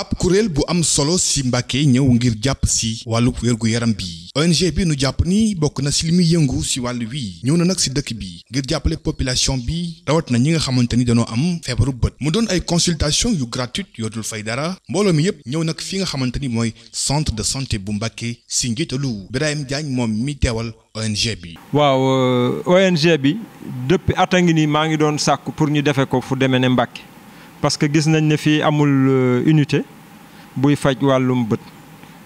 ab kuréel bu am solo si Mbàkke ñëw ngir jàpp si wàllu wér yaram bi ONG bi nu jàpp ni bokk na si li muy yëngu si wàll wii ñëw na nag si dëkk bi ngir jàppale population bi rawat na ñi nga xamante ni dañoo am feebaru bët mu doon ay consultation yu gratuite yootul dul fay dara mbooloo mi yépp ñëw nag fi nga xamante ni mooy centre de santé bu Mbàkke si njiitalu Birahim Diagne moom mi teewal ONG bi. waaw euh, ONG bi depuis at a ngi nii maa ngi doon sàkk pour ñu defee ko fu demee ne Mbàkke parce que gis nañ ne fii amul euh, unité buy faj wàllum bët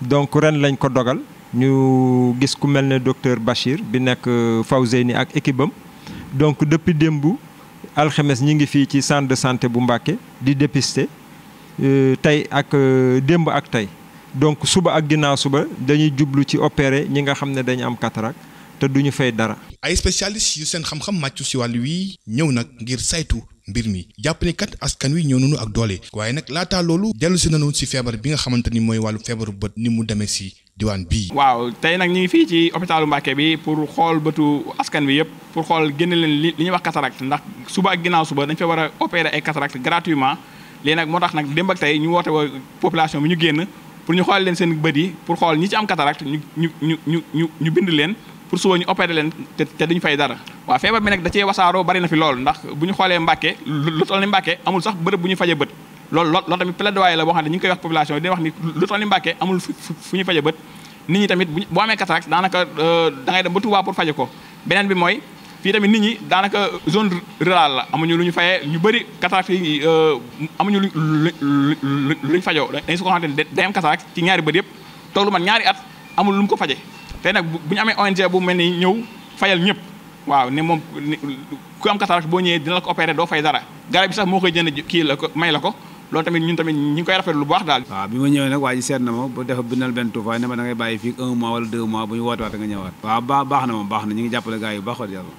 donc ren lañ ko dogal ñu gis ku mel ne docteur Bachir bi nekk euh, Fawzeyni ak équipe donc depuis démb alxemes ñi ngi fii ci centre de santé bu Mbacké di dépister euh, tey ak démb ak tey donc suba ak ginnaaw suba dañuy jublu ci opérer ñi nga xam ne dañu am cataracte te duñu fay dara. ay spécialistes yu seen xam-xam màccu si wàll wii ñëw nag ngir saytu. mbir mi jàpp ne kat askan wi ñëw nañu ak doole waaye nag laataa loolu dellu si nañu si feebar bi nga xamante ni mooy wàllu feebaru bët ni mu deme si diwaan bii. waaw tey nag ñu ngi fii ci hôpitalu Mbacke bi pour xool bëtu askan wi yëpp pour xool génne leen li li ñuy wax cataracte ndax suba ak ginnaaw suba dañ fa war a opérer ay cataracte gratuitement léegi nag moo tax nag démb ak tey ñu woote woo population bi ñu génn pour ñu xool leen seen bët yi pour xool ñi ci am cataracte ñu ñu ñu ñu ñu bind leen pour suba ñu opéré leen te duñ fay dara waaw feebar bi nag da cee wasaaroo bari na fi lool ndax bu ñu xoolee Mbàkke lu toll ni Mbàkke amul sax bërëb bu ñu faje bët loolu loolu tamit plaidoyer la boo xam ne ñu ngi koy wax population yi di wax ni lu toll ni Mbàkke amul fu ñu faje bët nit ñi tamit bu amee cataracte daanaka euh, da ngay dem ba Touba pour faje ko beneen bi mooy fii tamit nit ñi daanaka zone rurale la amuñu lu ñu fayee ñu bëri cataracte yi euh, amuñu lu lu luñ fajoo dañ su ko xamante ne day am cataracte ci ñaari bët yëpp toog lu man ñaari at amul lu mu ko faje tey nag bu ñu amee ONG bu mel nii ñëw fayal ñëpp waaw ne moom ku am cataracte boo ñëwee dina la ko opéré doo fay dara garab bi sax moo koy jënd kii la ko may la ko loolu tamit ñun tamit ñi ngi koy rafetlu lu baax daal. waaw bi ma ñëwee nag waa ji seet na ma ba dafa bindal benn tuufaay ne ma da bàyyi fii un mois wala bu ñu woote waat nga ñëwaat. waaw baax na moom baax na ñu ngi jàppale gars yi bu baax wax yàlla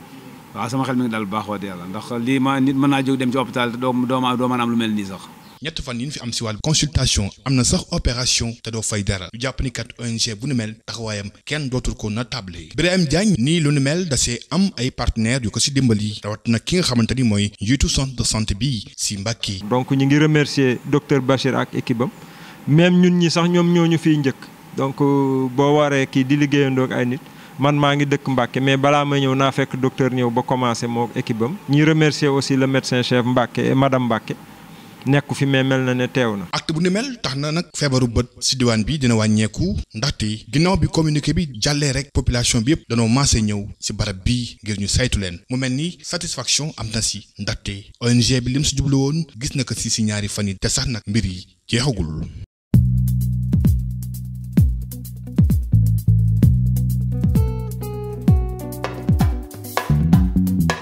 waaw sama xel mi ngi naa dem ci hôpital a am lu mel nii sax ñett fan yi ñu fi am si wàllu consultation am na sax opération te doo fay dara ñu jàpp ONG bu nu mel taxawaayam kenn dootul ko na table yi Birahim Diagne nii lu nu mel dasee am ay partenaires yu ko si dimbali rawat na ki nga xamante ni mooy njiitu centre de santé bi si Mbàkke donc ñu ngi remercier docteur Bachir ak équipe am même ñun ñi sax ñoom ñoo ñu fiy njëkk donc euh, boo waree kii di liggéeyandoog ay nit man maa ngi dëkk Mbacke mais balaa ma ñëw naa fekk docteur ñëw ba commencé moo équipe am ñuy remercier aussi le médecin chef Mbacke et Mbacke nekku fi mais mel na ne teew na. art bu ni mel tax na nag feebaru bët si diwaan bi dina wàññeeku ndaxte ginnaaw bi communiqué bi jàllee rek population bi yëpp danoo maase ñëw si barab bii ngir ñu saytu leen mu mel ni satisfaction am na si ndaxte ONG bi lim si jublu woon gis na ko si si ñaari fan yi te sax nag mbir yi jeexagul.